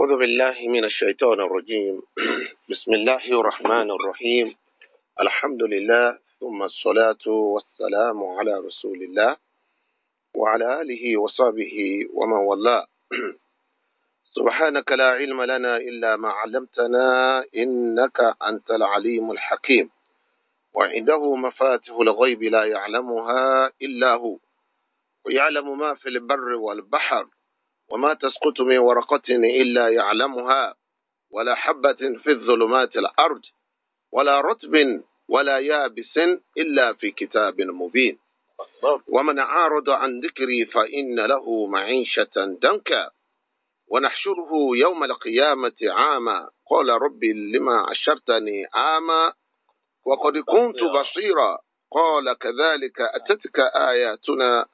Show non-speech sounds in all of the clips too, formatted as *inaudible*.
أعوذ بالله من الشيطان الرجيم *clears throat* بسم الله الرحمن الرحيم الحمد لله ثم الصلاة والسلام على رسول الله وعلى آله وصحبه ومن والاه *clears throat* سبحانك لا علم لنا إلا ما علمتنا إنك أنت العليم الحكيم وعنده مفاتح الغيب لا يعلمها إلا هو ويعلم ما في البر والبحر وما تسقط من ورقة إلا يعلمها ولا حبة في الظلمات الأرض ولا رطب ولا يابس إلا في كتاب مبين ومن عارض عن ذكري فإن له معيشة دنكا ونحشره يوم القيامة عاما قال ربي لما عشرتني عاما وقد كنت بصيرا قال كذلك أتتك آياتنا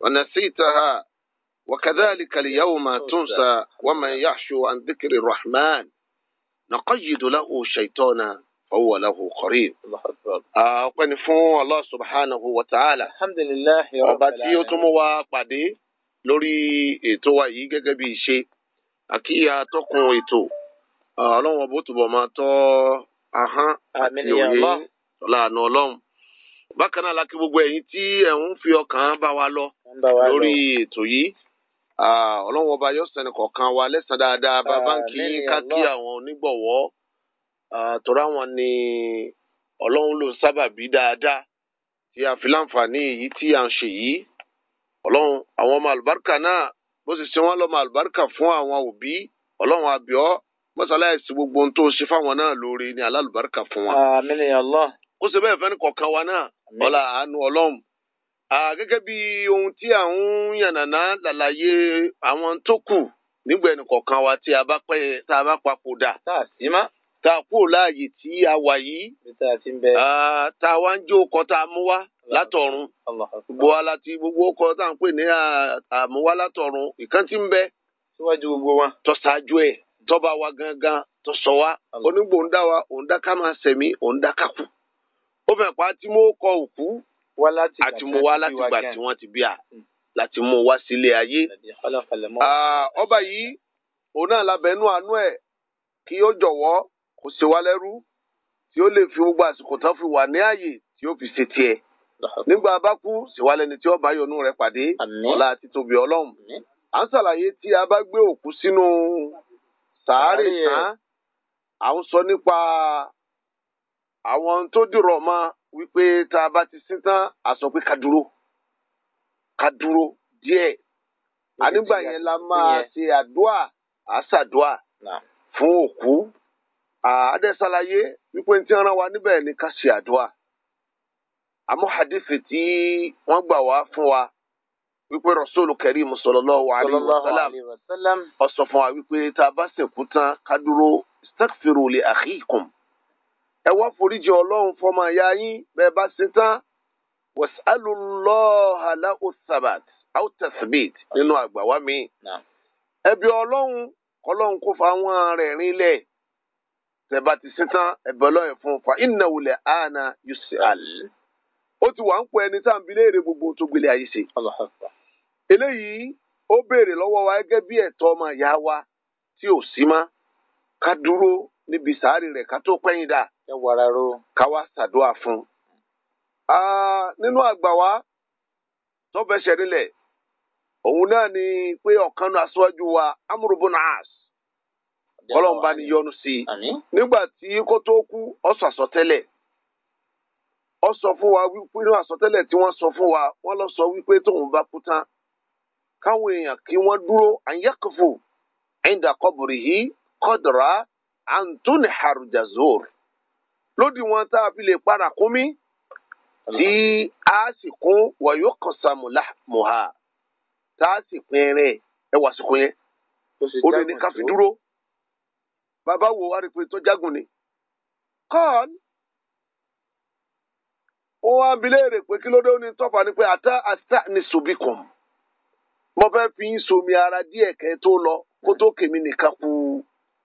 ونسيتها وكذلك اليوم تنسى ومن يحشو عن ذكر الرحمن نقيد له شيطانا فهو له قريب ọpẹ́ ni fún Allah subhanahu wa ta'ala alhamdulillah ọba tí ó tún mú wa pàdé lórí ètò wa yìí gẹ́gẹ́ bí ìṣe àkíyà tọkùn ètò ọlọ́run ọba ó túbọ̀ máa tọ́ ahọ́n àti òye lànà ọlọ́run bákan náà lákì gbogbo ẹ̀yin tí ẹ̀ ń fi ọkàn bá wa lọ lórí ètò yìí ọlọ́wọ́ ọba yóò sẹ́ni kọ̀ọ̀kan wa lẹ́sàn dáadáa bàbá ń kí ká kí àwọn onígbọ̀wọ́ tọ́ra wọn ni ọlọ́run ló sábàbí dáadáa tí a fi láǹfààní èyí tí a ń ṣe yìí ọlọ́run àwọn ọmọ àlùbáríkà náà bó sì ṣe wọ́n lọ́mọ àlùbáríkà fún àwọn òbí ọlọ́run àbíọ́ mọ́sálásí gbogbo ohun tó ṣe fáwọn náà lóore ni alálùbáríkà fún wọn. àmín ya Allah. ó ṣe bẹ́ẹ̀ fẹ́ni kọ̀ọ̀kan wa náà ọlá àánú ọlọ́run gẹ́gẹ́ bí ohun tí à ń yànnàná làlàyé àwọn tó kù nígbà ẹnìkọ̀ọ̀kan wa tí a bá pẹ́ tá a bá papòdà tá a sì má tá a kúrò láàyè tí a wà yìí tá a wá ń jó ọkọ tá a mú wá látọ̀run gbogbo wa láti gbogbo ọkọ tá à ń pè ní àmúwá látọ̀run ìkan tí ń bẹ síwájú gbogbo wa tó ṣáájú ẹ̀ tó bá wa gangan tó sọ wa onígbòǹda wa òǹda ká máa sẹ̀mí òǹda ká kú ó fẹ́ pa tí mo kọ òkú àti mú wá láti gbà tí wọ́n ti bí a hmm. láti mú wá sílé ayé. Ah, ọba yìí òun náà labẹ́nú àánú ẹ̀ kí ó jọ̀wọ́ kó ṣe wá lẹ́rú tí ó lè fi gbogbo àsìkò tán fi wà ní ààyè tí ó fi ṣe tiẹ̀. nígbà bá kú ṣe wá lẹ́ni tí ó bá yọ́nú pàdé ọlá àti tóbi ọlọ́run. à ń ṣàlàyé tí a bá gbé òkú sínú sàárè tán à ń sọ nípa àwọn tó dìrọ̀ mọ́ wípé tá a bá ti sín tán a sọ pé ká dúró ká dúró díẹ̀ ànígbà yẹn la máa ṣe àdúà àṣàdúà fún òkú àádẹ́sàlàyé wípé tí wọ́n rán wa níbẹ̀ ni ká ṣe àdúà àmọ́ hadithi tí wọ́n gbà wá fún wa wípé rasulu karim sallallahu alayhi wa sallam fún wa wípé tá a bá sìnkú tán ká dúró istaghfiru li akhikum. ẹ foríjì ọlọ́run fọmọ àyà yín bẹ́ẹ̀ bá ṣe tán wàsálùlọ́ọ̀hálà ọ̀sàbàt àwùtàsíbìt nínú àgbàwá mi. ẹbí ọlọ́run kọlọ́run kò fa àwọn rẹ̀ rinlẹ̀ tẹ̀ bá ti ṣe tán ẹ̀bẹ̀ ọlọ́run fún fa iná wulẹ̀ yusuf ó ti wà ẹni tá à gbogbo tó gbélé ayé ṣe. eléyìí ó béèrè lọ́wọ́ wa gẹ́gẹ́ bí ẹ̀tọ́ wa tí ò sí níbi sàárì rẹ̀ ká tó pẹ́yìn dà ká wá fún un. nínú àgbà wa tó nílẹ̀ òun náà ni pé ọ̀kanu náà wa Amru bun As kọlọ́n bá sí i nígbà tí kó tó kú àsọtẹ́lẹ̀ sọ fún wa wípé tí sọ fún wa lọ sọ wípé tóun bá kú tán káwọn èèyàn antoni harujazor lódì wọn tá a fi lè para kúnmí tí a sì kún wọ̀nyó kọ̀sàmùlá mùhà tá a sì pín rẹ̀ ẹ wà sí kún yẹn ó lè ní ká fi dúró bàbá wo arìnrìn tó jágun ni kọ́ọ̀n ó wá ń bi pé kí ló dé ní tọ́fà ni pé àtà àtà ni sobikùn mo fẹ́ fi ń somi ara díẹ̀ kẹ́ tó lọ kó tó kèmí nìkan kú.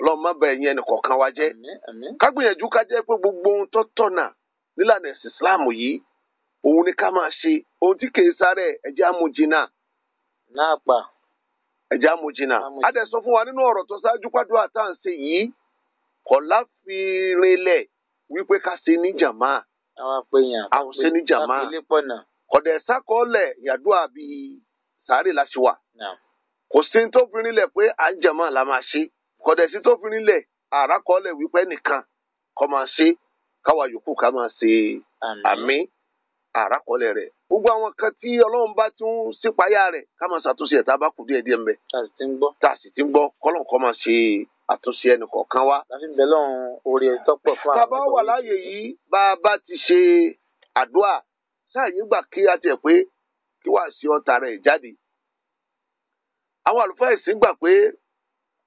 ọlọ́run má bá ẹ̀yin ẹnìkọ̀ọ̀kan wa jẹ́ ká gbìyànjú ká jẹ́ pé gbogbo ohun tó tọ̀nà nílànà ẹ̀sìn islam yìí òun ni ká máa ṣe ohun tí kìí sáré ẹ̀jẹ̀ amújìnà. náà pa. ẹ̀jẹ̀ amújìnà. a dẹ̀ sọ fún wa nínú ọ̀rọ̀ tó ṣáájú pàdúrà tá à ń ṣe yìí wípé ká ṣe ní jàmá. àwọn apèyàn àwọn ṣe ní jàmá. kọ̀dẹ̀ sákọ̀ọ́lẹ̀ yàdúrà bíi sáré láṣìwà. kò sí ní tó fi rinlẹ̀ pé à ń jàmá la máa ṣe kọ̀dẹ̀sí tó fi rinlẹ̀ àràkọọ́lẹ̀ wípé nìkan kọ́ máa ṣe káwa yòókù ká máa ṣe àmì àràkọọ́lẹ̀ rẹ̀ gbogbo àwọn kan tí ọlọ́run bá tún sípayá rẹ̀ ká máa ṣàtúnṣe ẹ̀ta bá kù díẹ̀ díẹ̀ mbẹ́ tá a sì ti ń gbọ́ kọ́lọ́n kọ́ máa ṣe àtúnṣe ẹnìkọ̀ọ̀kan wa. láti bẹ̀ lọ́run orí ẹ̀ tọ́pọ̀ fún àwọn. bàbá wà láàyè yìí bá a bá ti ṣe àdúrà sáà gbà kí a tiẹ̀ pé kí wàá ṣe ọ̀tà rẹ̀ jáde. àwọn àlùfáà ìsìn gbà pé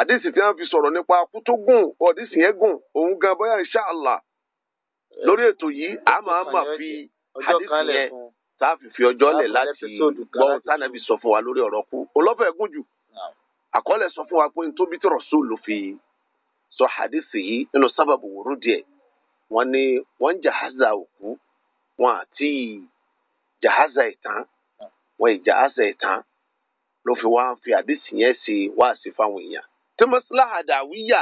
àdìsí tí wọ́n fi sọ̀rọ̀ nípa akú tó gùn ọ̀dìsí yẹn gùn òun gan bóyá insha Allah lórí ètò yìí a máa ma fi àdìsí yẹn tá a fi fi ọjọ́ lẹ̀ láti gbọ́ tánàbí sọ fún wa lórí ọ̀rọ̀ kú olọ́fẹ̀ẹ́ gùn jù àkọọ́lẹ̀ sọ fún wa pé nítorí tí rọ̀ṣù ló fi sọ àdìsí yìí nínú sábàbù wòrú díẹ̀ wọ́n ní wọ́n ń jàházà òkú wọn àti jàházà ìtàn wọn ìjàházà ìtàn ló fi wá fi àdìsí yẹn ṣe wá sí fáwọn èèyàn tí mọ́sálàhà dàwíyà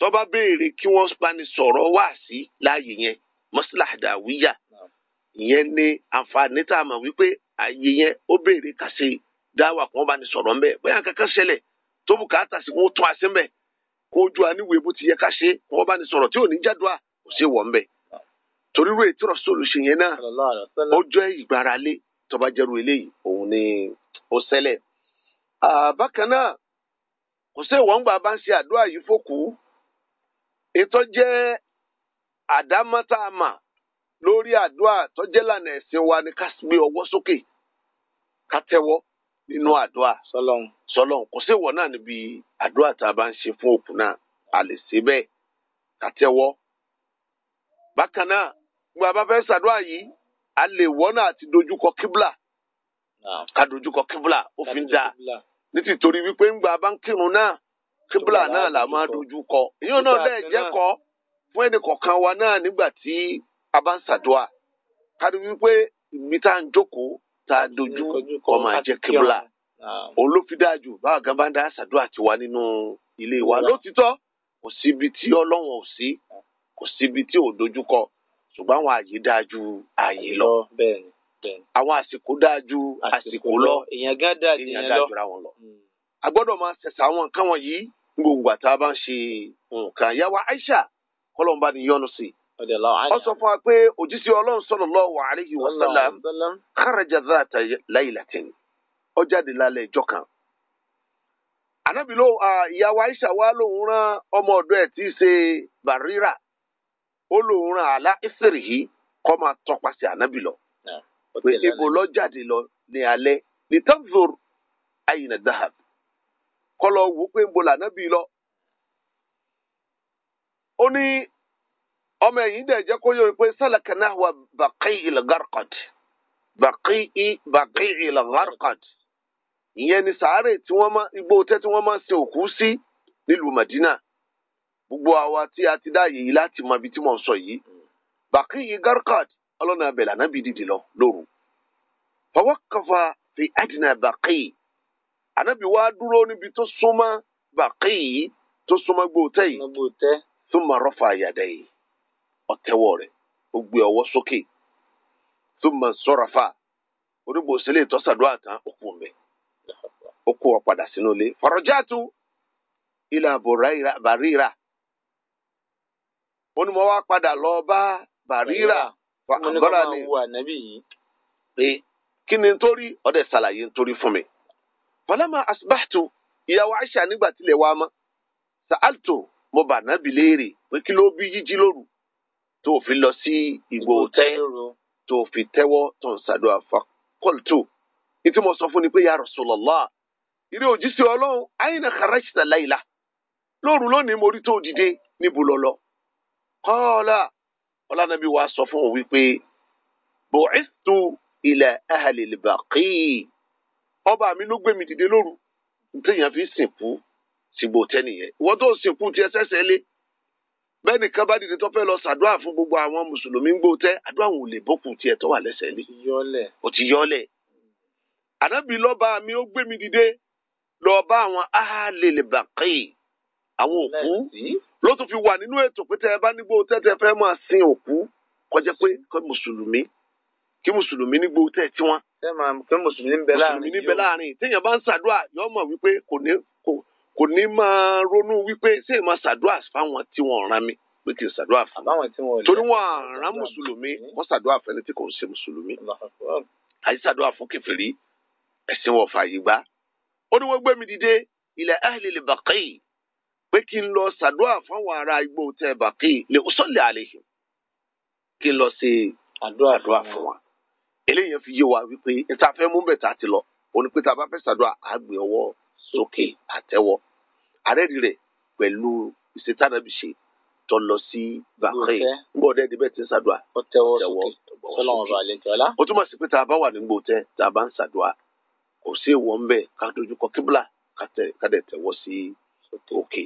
tó bá béèrè kí wọ́n bá ní sọ̀rọ̀ wá sí láàyè yẹn mọ́sálàhà dàwíyà ìyẹn ni àǹfààní tá a mọ̀ wípé àyè yẹn ó béèrè kàṣe dáwà kí wọ́n bá ní sọ̀rọ̀ ńbẹ bóyá kankan ṣẹlẹ̀ tó bùkátà sí wọn tún àṣẹ ńbẹ kó ojú àníwèé bó ti yẹ ká ṣe kí wọ́n bá ní sọ̀rọ̀ tí ò ní jádùá kò sí wọ̀ ńbẹ torí rú ètò ìrọ̀sọ̀rọ̀ ṣe yẹn náà ọjọ́ ìgbáralé tó jẹ́rú eléyìí òun ni ó ṣẹlẹ̀. bákan náà kò sí ìwọ̀n gbà bá ń ṣe àdúrà yìí fòkú ètò jẹ́ àdámọ́tàmà lórí àdúrà tó lànà ẹ̀sìn wa ni ká gbé ọwọ́ sókè ká tẹ́wọ́ nínú àdúrà sọlọ́n sọlọ́n kò sí ìwọ̀n náà níbi àdúrà tá a bá ń ṣe fún òkú náà a lè ṣe bẹ́ẹ̀ ká tẹ́wọ́ bákan náà gbogbo àbá fẹ́ ṣàdúrà yìí a lè wọ́n náà àti dojúkọ kíbla ká dojúkọ kíbla ó fi ń dáa nítìtorí wípé ńgbà bá ń kírun náà kíbla náà là máa dojú kọ èyí náà lè jẹ́kọ̀ọ́ fún ẹnì kọ̀ọ̀kan wa náà nígbà tí a bá ń ṣàdúrà kárí wípé ibi tá à ń jókòó tá a dojú kọ máa jẹ́ kíbla òun báwa gan bá ń dá ṣàdúrà tiwa nínú ilé wa lótìtọ́ kò síbi tí ọlọ́run ò sí kò síbi tí ò dojú kọ ṣùgbọ́n àwọn àyè dáa àyè lọ àwọn àsìkò dáa ju àsìkò lọ èèyàn gan dáa ju èèyàn lọ hmm. a gbọ́dọ̀ máa ṣẹ̀ṣẹ̀ àwọn nǹkan wọ̀nyí gbogbo àtà bá ń ṣe nǹkan yàwá Aisha kọlọmba ni yọnu sí ó sọ fún wa pé òjíṣẹ́ Ọlọ́run sallallahu alaihi wasallam kharaja dhata laylatin ó jáde lálẹ́ ìjọ kan anabi ló ìyàwó Aisha wa lòun rán ọmọ ọ̀dọ̀ ẹ̀ tí í ṣe Barira ó lòun rán àlá ìsèrè yìí kó máa tọpasẹ̀ anabi lọ pé ibo lọ jáde lọ ní alẹ́ ní tanzur ayina dahab kọlọ wò pé nbo lànà bí lọ. ó ní ọmọ ẹ̀yìn dẹ̀ jẹ́ kó yọ pé sálàkà náà wà bàkì ìlgàrkọ̀t bàkì ì bàkì ìlgàrkọ̀t ìyẹn ni sàárè tí wọ́n máa igbó tẹ́ tí wọ́n máa sin òkú sí nílùú Madina gbogbo àwa tí a ti dá yìí láti mọ ibi tí mò sọ yìí mm. bàkì ìlgàrkọ̀t ọlọ́nà abẹ lànàbí dìde lọ lóru fọwọ́ kọfà fi àdínà bàkì ànábì wa dúró níbi tó súnmọ́ bàkì yìí tó súnmọ́ gbòòtẹ́ yìí tó máa rọ́fà àyàdá yìí ọ̀tẹ́wọ̀ rẹ̀ ó gbé ọwọ́ sókè tó máa sọ̀rọ̀ fà onígbò sílẹ̀ ìtọ́sàdúrà tán òkú mẹ́ ó kó sínú ilé fọ̀rọ̀jáàtú ilà bàríra ó ní mo wá padà lọ bá bàríra àgbọ́ra ni pé kí ni nítorí ọ̀dẹ̀ ṣàlàyé nítorí fún mi. falama asibahtu ìyàwó aisha nígbà tilẹ̀ wá mọ́ sa'altu mo bà nábì léèrè pé kí ló bí jíjí lóru tó fi lọ sí ìgbò tẹ́ tó fi tẹ́wọ́ tó ń ṣàdúrà fakọ́ltù ìtí mo sọ fún ni pé ya Rasulullah ìrẹ òjíṣẹ́ Ọlọ́run àyìnà kharajta láìla lóru lónìí mo rí tó dìde níbo lọlọ kọọlà ọlànàbí wa sọ fún òun wípé bọ̀ẹ́sítù ilẹ̀ ahàlèlèbàkì ọba mi ló gbé mi dìde lóru téèyàn fi sìnkú sígbó tẹ́nìyẹn ìwọ́n tó sìnkú tiẹ̀ sẹ́sẹ́ lé bẹ́ẹ̀ nìkan bá dìde tó fẹ́ lọ sàdúrà fún gbogbo àwọn mùsùlùmí ń gbó tẹ́ àdúrà wọn lè bọ́kù tiẹ̀ tó wà lẹ́sẹ̀ lé ó ti yọ́lẹ̀ ànábì lọ́ba mi ó gbé mi dìde lọ́ọ́ bá àwọn ahàlèlèbàkì àwọn òkú ló tún fi wà nínú ètò pé tẹ ẹ bá nígbò tẹ́tẹ́ fẹ́ máa sin òkú kọjá pé kọ́ mùsùlùmí kí mùsùlùmí nígbò tẹ́ tí wọ́n. kí mùsùlùmí ń bẹ láàrin téèyàn bá ń ṣàdúrà yóò mọ̀ wípé kò ní máa ronú wípé ṣé ìmọ̀ ṣàdúrà fáwọn tí wọ́n rán mi pé kì í ṣàdúrà fún un torí wọn rán mùsùlùmí mm-hmm. wọn ṣàdúrà fún ẹni tí kò ń ṣe mùsùlùmí àyè ṣàdúrà fún kèfèrí ẹ̀sìn wọ̀ fàyè gbá ó ní wọ́n gbé mi dìde ilẹ̀ ahlil baqi pé kí n lọ ṣàdúrà fáwọn ará igbó tẹ bàkì lè sọlẹ àlejò kí n lọ ṣe àdúrà fún wa eléyìí fi yé wa wípé níta fẹ́ mú bẹ̀tà ti lọ òní pé tá a bá fẹ́ ṣàdúrà á gbé ọwọ́ sókè àtẹ́wọ́ àrẹ́rì rẹ̀ pẹ̀lú ìṣètànàbìṣe tó lọ sí bàkì ńgbọ́ ọdẹ ẹdí bẹ́ẹ̀ ti ń ṣàdúrà ọtẹ́wọ́ sókè sọlọ́wọ́n bá àlejò ọ̀la. ó túmọ̀ sí pé tá bá wà ní gbòtẹ́ tá a bá ń ṣàdúrà kò sí ìwọ̀n bẹ́ẹ̀ ká dojú kọ kíbla ká dẹ̀ tẹ̀wọ́ sí òkè.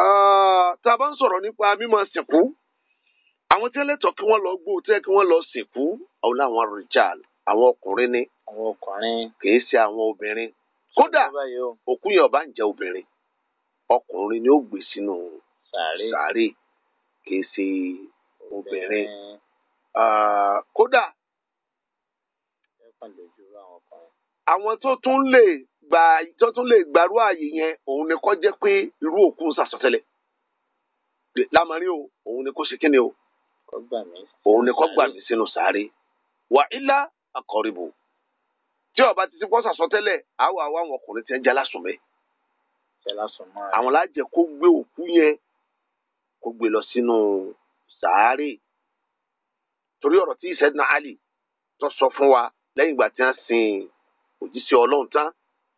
Ah, tá a bá ń sọ̀rọ̀ nípa mímọ sìnkú àwọn tí tọ̀ kí wọ́n lọ gbó tí kí wọ́n lọ sìnkú àwọn làwọn rìjàl àwọn ọkùnrin ni àwọn ọkùnrin kìí ṣe àwọn obìnrin kódà òkú yẹn ọba ń jẹ obìnrin ọkùnrin ni ó gbé sínú sàárè kìí ṣe obìnrin ah, kódà àwọn tó tún lè gba tó tún lè gbarú ààyè yẹn òun ni kó jẹ́ pé irú òkú sàsọtẹ́lẹ̀ lámarin o òun ni kó ṣe kíni o òun ni kó gbà mí sínú sáré wà ilá àkọrìbò tí ọba ti ti kó sàsọtẹ́lẹ̀ àwọn àwọn àwọn ọkùnrin ti ń jẹ alásùnmẹ àwọn lájẹ kó gbé òkú yẹn kó gbé lọ sínú sáré torí ọ̀rọ̀ tí ìṣẹ́dínà Ali tó sọ fún wa lẹ́yìn ìgbà tí wọ́n sin òjíṣẹ́ ọlọ́run tán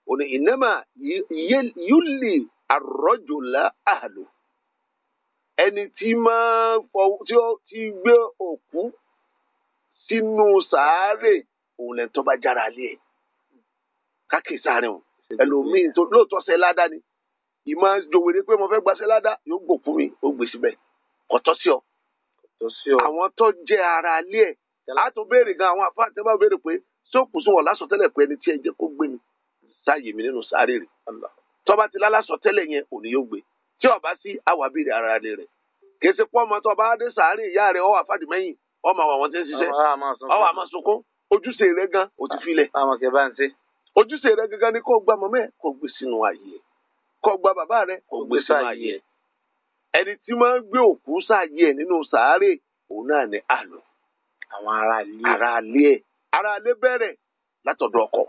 ó ní ìnáma yúlì àrọ́jòlá àlò ẹni tí máa fọ tí ó ti gbé òkú sínú sàárè òun lẹ́nu tó bá jára lé ẹ̀ káàkiri sáré o ẹlòmíì tó lóòótọ́ ṣe ládàá ni ìmọ̀ jòwèrè pé mo fẹ́ gbaṣẹ́ ládàá yóò gbòkú mi ó gbèsè bẹ́ẹ̀ kò tọ́ sí ọ àwọn tó jẹ́ ara lé ẹ̀ látò béèrè gan àwọn àfáà tẹ́ bá béèrè pé sókùsùn wọn lásọtẹ́lẹ̀ pé ẹni tí ẹ jẹ́ kó gbé mi. sáàyè mi nínú sáré rẹ̀ ti lálásọ tẹ́lẹ̀ yẹn òní yóò gbé tí ọba sí àwàbírí ara rẹ̀ rẹ̀ kèsì rẹ ọmọ tọ́ba adé sáré ìyá rẹ̀ ọwà fàdìmẹ́yìn ọmọ àwọn tí ń ọwà àmọ́ sunkún ojúṣe rẹ̀ gan o ti ojúṣe gangan ni kò gba kò gbé sínú kò gba bàbá kò gbé sínú ẹni tí máa ń gbé òkú sáàyè nínú sáré òun náà ni àwọn Ara ọkọ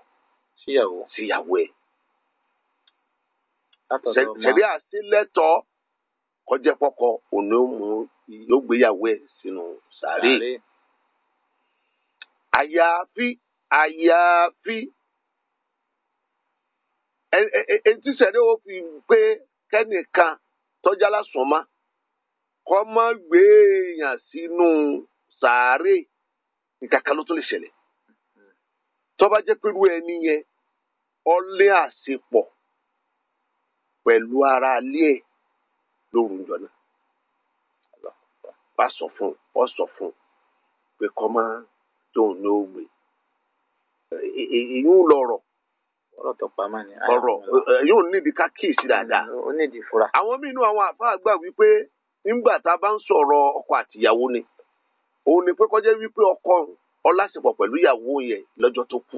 síyàwó síyàwó ẹ̀. ṣebí àṣìlẹ́tọ̀ kọjá fọkọ òní òmù yóò gbéyàwó ẹ̀ sínú sàárè. àyàfi àyàfi etí sẹ́dẹ̀ ó fi pé kẹ́nìkan tọ́jà lásán má kọ́ má gbé èèyàn sínú sàárè nǹkan kan ló tún lè ṣẹlẹ̀ mm-hmm. tó pẹ̀lú ẹni yẹn ọlé àṣepọ̀ pẹ̀lú aráalé ẹ̀ lóru jọ náà. Bá sọ fún ọ sọ fún pé kọ́ mọ́ tóun ní ó gbé. Èyí ń ọrọ yóò nídìí ká kíyèsí dáadáa. Ó fura. Àwọn mínú àwọn àfáà gbà wípé nígbà bá ń ọkọ àtìyàwó ni òun ni pé kọjá wípé ọkọ ìyàwó yẹn lọjọ tó kù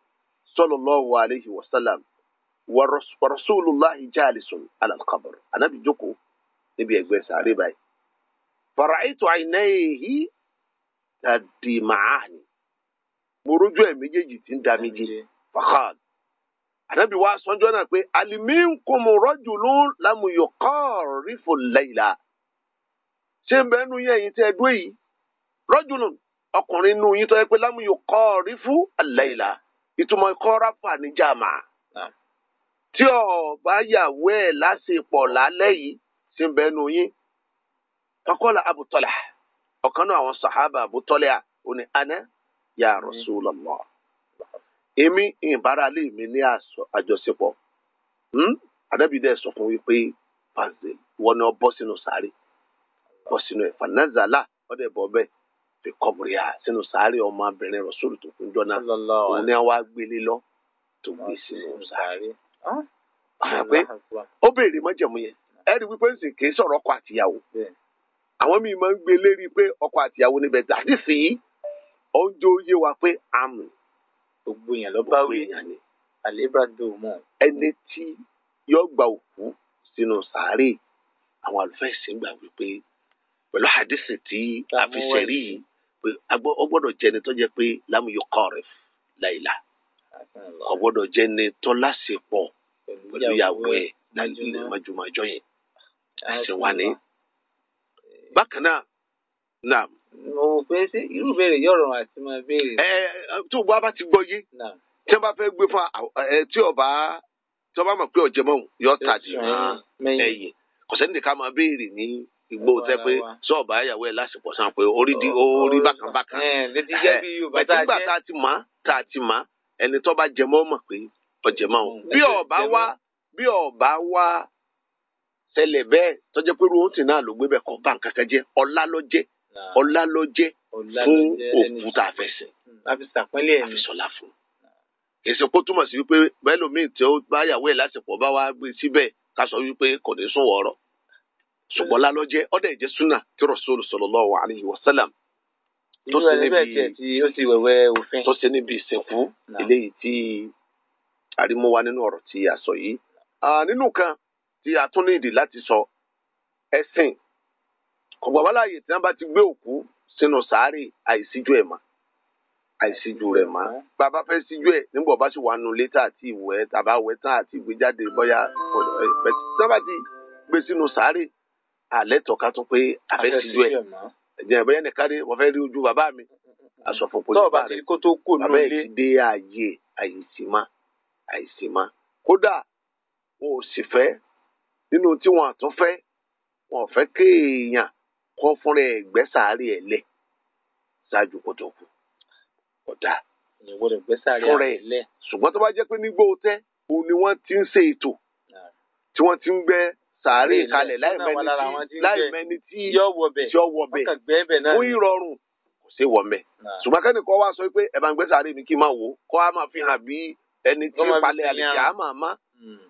sallallahu alayhi wa sallam wa rasulillahi jalisun ala al-qabr anabi jókòó níbi ẹ̀gbẹ́ sàárè báyìí. faraitu àìnáyèhí dàdí màáhì mo rójú ẹ̀ méjèèjì tí ń da mi jí fàkàl. anabi wa sọ́njọ́ náà pé aliminkum rajulun lam yuqarifu ẹ nu ìtumọ̀ kọ́ráfà ní jàmà ah. tí ọba yàwó ẹ̀ lásìpọ̀ lálẹ́ yìí ti bẹnu yín kọ́kọ́lá abutọ́lá ọ̀kan náà àwọn sàhábà abutọ́lá òní ya èmi ìbáralé mi ní àjọṣepọ̀ hmm? wípé wọn ni wọn bọ́ sínú sáré bọ́ sínú ẹ̀fà fi kọbùrì à sínú sàárè ọmọbìnrin rọ̀ṣùlù tó kún jọ náà òun ni wàá gbélé lọ tó gbé sínú sàárè. Ah, pé ó béèrè mọ́jẹ̀mú yẹn ẹ rí wípé nsì kì í sọ̀rọ̀ ọkọ àtìyàwó àwọn míì máa ń gbé lérí pé ọkọ àtìyàwó níbẹ̀ dàdí sí i oúnjẹ oyé wa pé àmì. gbogbo èèyàn ló bá wí àlébàdo mọ. ẹni tí yóò gba òkú sínú sàárè àwọn àlùfáà ìsìn gbà wípé pẹ̀lú àdìsí tí a fi ṣẹ̀rí yìí pé ó gbọ́dọ̀ jẹ́ ẹni tó jẹ́ pé lámúyọ kọ́ọ̀rẹ́ láìla ó gbọ́dọ̀ jẹ́ ẹni tó láṣepọ̀ pẹ̀lú ìyàwó ẹ̀ májúmájọ́ yẹn wà ní. bákan náà mo fẹ́ ṣe irú àti máa béèrè. ẹ ẹ o bá ti gbọ́ yé tí wọ́n bá fẹ́ gbé fún ẹ ọba tí bá mọ̀ pé ọ̀jẹ̀ mọ̀ ẹ̀yìn máa igbó tẹ pé sọọba ayàwó ẹ lásìkò sàn pé orí di orí bákan bákan bẹtí tá a ti mọ tá a ti mọ ẹni tó bá jẹmọ mọ pé ọjẹmọ o bí ọba wá bí ọba wá ṣẹlẹ̀ bẹ́ẹ̀ tọjẹ pé ruwọn tì náà ló gbé bẹ́ẹ̀ kọ bá nǹkan kan jẹ ọlá ló jẹ ọlá ló jẹ fún òkúta àfẹsẹ àfisàpẹlẹ ẹni àfisọlá hmm, fún èsì kó túmọ̀ sí wípé bẹ́ẹ̀ lómi tí ó bá yàwó ẹ̀ lásìkò bá wá gbé síbẹ̀ ká sọ wípé kò ní sún wọ̀ọ́rọ̀ ṣùgbọ́n lálọ́jẹ́ ọ̀dẹ̀ ìjẹ́ súnà tí Rasulu sallallahu alayhi wa sallam tó ṣe níbi tó ṣe níbi ìsìnkú eléyìí tí àrímọ́wá nínú ọ̀rọ̀ tí a sọ yìí. nínú kan tí a tún ní ìdí láti sọ ẹ̀sìn kọ̀gbàwáláyè tí wọ́n bá ti gbé òkú sínú sàárè àìsíjú ẹ̀ mọ́ àìsíjú rẹ̀ mọ́ bàbá fẹ́ síjú ẹ̀ nígbà bá sì wà nù létà àti ìwẹ̀ tàbá wẹ̀ tán àti ìgbéjáde bọ́yá pẹ̀sì tí wọ́n bá ti gbé sínú sàárè alẹ́ tọ̀ka tó pé àfẹ́ ti lú ẹ̀ ẹ̀jẹ̀ ẹ̀bẹ̀yẹ nìkan ni wọ́n fẹ́ rí ojú bàbá mi aṣọ àfọ̀pọ̀ nípa rẹ̀ bàbá ẹ̀ ti dé ààyè àyèsímá àyèsímá kódà wọn ò sì fẹ́ nínú tí wọn àtún fẹ́ wọn ò fẹ́ kéèyàn kọ́ fúnra ẹ̀ gbẹ́sàárì ẹ̀ lẹ̀ ṣáájú kó tó kú ọ̀dà fúnra ẹ̀ lẹ̀ ṣùgbọ́n tó bá jẹ́ pé nígbó tẹ́ òun ni wọ́n ti ń ṣe ètò tí wọ́n ti ń gbẹ́ sàárè kalẹ̀ láì mẹni tí yọ wọ bẹ̀ fún ìrọ̀rùn kò sí wọ̀ mẹ́. ṣùgbọ́n kẹ́ni kọ́ wá sọ pé ẹ̀ bá ń gbé sàárè mi kí n máa wò ó kọ́ á máa fi hàn bí ẹni tí ó palẹ̀ àlejò á máa má hmm.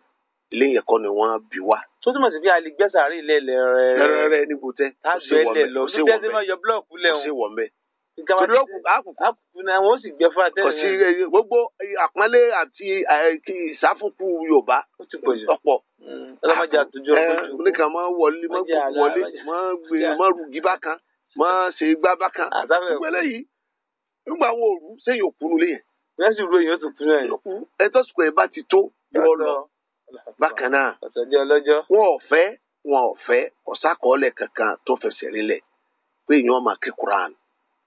ilé yẹn kọ́ ni wọ́n bí wa. tó túmọ̀ sí pé a lè gbé sàárè ilé ẹ̀lẹ́ rẹ̀ rẹ̀ rẹ̀ ní kutẹ́ kò sí kò sí wọ̀ mẹ́ kò sí wọ̀ mẹ́ búlọ́ọ̀kù àkùkù ni àwọn ó sì gbẹ fún àtẹ́lẹ̀. kò sí gbogbo àpọ́nlé àti ìsáfùkù Yorùbá ọ̀pọ̀ ọlọ́mọdé àtúnjọ lójú. ní ká máa wọlé máa kó wọlé máa gbé máa rùgí bákan máa ṣe gbá bákan. gbogbo eléyìí nígbà àwọn òru sẹ́yìn òkú nulẹ̀ yẹn. bẹ́ẹ̀ sì ru èyàn tó kú náà. ẹtọ́ sùkọ̀ ẹ̀ bá ti tó yọ lọ bákan náà. wọn ò fẹ́ wọn ò fẹ́ ọ̀sàkọọ́lẹ̀ kankan tó fẹsẹ̀ rinlẹ̀ pé èèyàn máa kí Quran.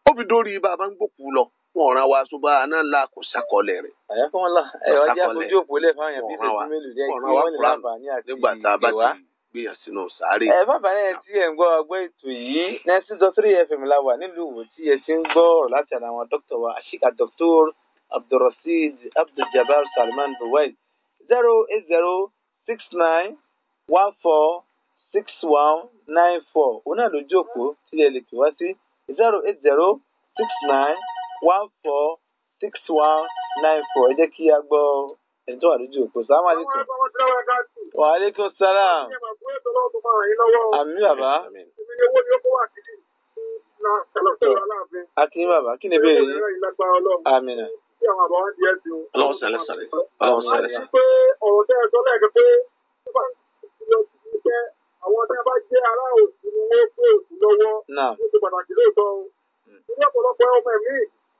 ó fi dórí bá a bá ń gbókù lọ wọn ràn wá ṣùgbọ́n àná ńlá kò ṣàkọlẹ̀ rẹ̀. àyàfọ́ ńlá ẹ̀rọ ajé àfojú òpó lẹ̀ fáwọn èèyàn bíi tẹ̀sí mélòó jẹ́ kí wọ́n lè láǹfààní àti ìwà. nígbà tá a bá ti gbìyàn sínú sáré. ẹ bàbá náà tí ẹ ń gbọ́ ọgbẹ́ ètò yìí nineteen dot oh three fm la wà nílùú Ìwó tí ẹ ti ń gbọ́ ọ̀rọ̀ láti ara àwọn dókítà wa àṣìkà dr abdulrasheed abduljabar salman buwai zero eight zero six nine one four six one nine four òun náà lójú òpó tí ẹ lè pè wá sí zero eight zero six nine one four six one nine four ẹ jẹ́ kí a gbọ́ ẹni tó wà lójú òpó sàmà àlékún. wà á lékún sálàm. àmì bàbá. àti bàbá kí ni ìbéèrè yín. àmì nà. ọlọ́run sàlẹ̀ sàlẹ̀ ọlọ́run sàlẹ̀ sàlẹ̀. ọ̀rọ̀ tẹ́ ẹ sọ lẹ́ẹ̀kan pé àwọn tí a bá jẹ́ ará òsì ni wọ́n kó òsì lọ́wọ́. ó ṣe pàtàkì lóòótọ́ o. ilé hmm. ọ̀pọ̀lọpọ̀ ọmọ ẹ̀mí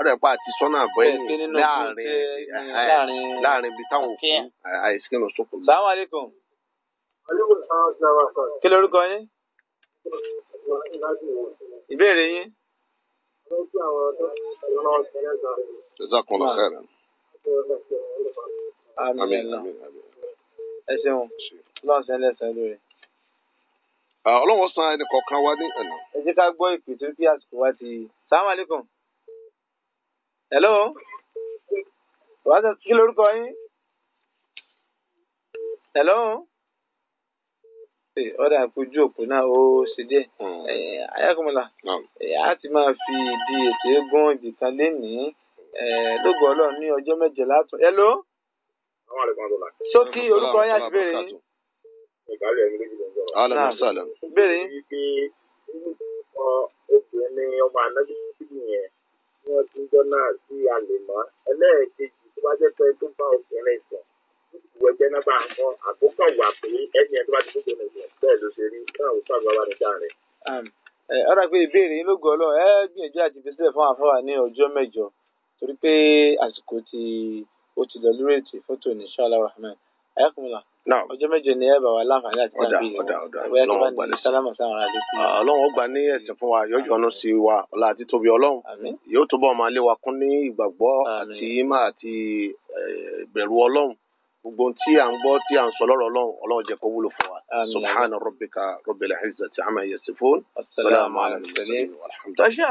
ọ̀dọ̀pá àti sọ́nà àbọ̀yìn eh, eh, láàrin láàrin ibi táwọn òkú àìsíkè eh, lọ sókò. sàmú aleykum. kí lorúkọ yín. ìbéèrè yín. jazakumullah khairan. àmín àmín àmín. ẹ ṣeun lọ́wọ́ sẹ́lẹ̀ sẹ́lẹ̀ lórí. Ah, ọlọ́wọ́ san ẹnì kọ̀ọ̀kan wá ní ẹ̀nà. ẹ jẹ́ ká gbọ́ ìpè tó kí àsìkò wá ti. sàmú aleykum hello wàá sọ kí lórúkọ yín hello ọ̀dà eh, àpòjú òpó náà ó ṣe díẹ̀ hmm. eh, ayákùnmọ́lá eh, a ti máa fi ìdí ètò eégún ibìkan lénìí lóògùn ọlọ́run ní ọjọ́ mẹ́jọ látún hello sókí orúkọ yín àti bèrè yín. alẹ́ musa alẹ́. bèrè yín. obìnrin ọmọ anájú síbi yẹn tí wọ́n ti ń jọ́nà sí àlèmọ́ ẹlẹ́ẹ̀kejì tó bá jẹ́ pé tó bá obìnrin sùn ìwọ jẹ́ nọ́mbà àkọ́ àkókò wà pé ẹni ẹni tó bá ti gbogbo nìyẹn bẹ́ẹ̀ ló ṣe rí náà um, ó sọ̀rọ̀ wá nígbà rẹ̀. ọ̀rọ̀ pé ìbéèrè yín ló gọ́ lọ ẹ gbìyànjú àti ìfẹsẹ̀ fún àfọwà ní ọjọ́ mẹ́jọ torí pé àsìkò tí ó ti lọ lórí ètò ìfọ́tò ní ṣáàlà rahman ayakumula ọjọ́ mẹ́jọ ni ẹ bá wa láǹfààní àti tàbí rẹ ọdà ọdà Ọlọ́run ọgbà ní ẹsẹ̀ ah, fún wa yóò yọ́nú sí wa ọlá àti tóbi Ọlọ́run yóò túbọ̀ máa lé wa kún ní ìgbàgbọ́ àti ìmọ̀ àti ìbẹ̀rù Ọlọ́run gbogbo tí à ń gbọ́ tí à ń sọ lọ́rọ̀ Ọlọ́run Ọlọ́run jẹ́ kó wúlò fún wa subhana rabbika rabbil izzati amma yasifun salamu alaykum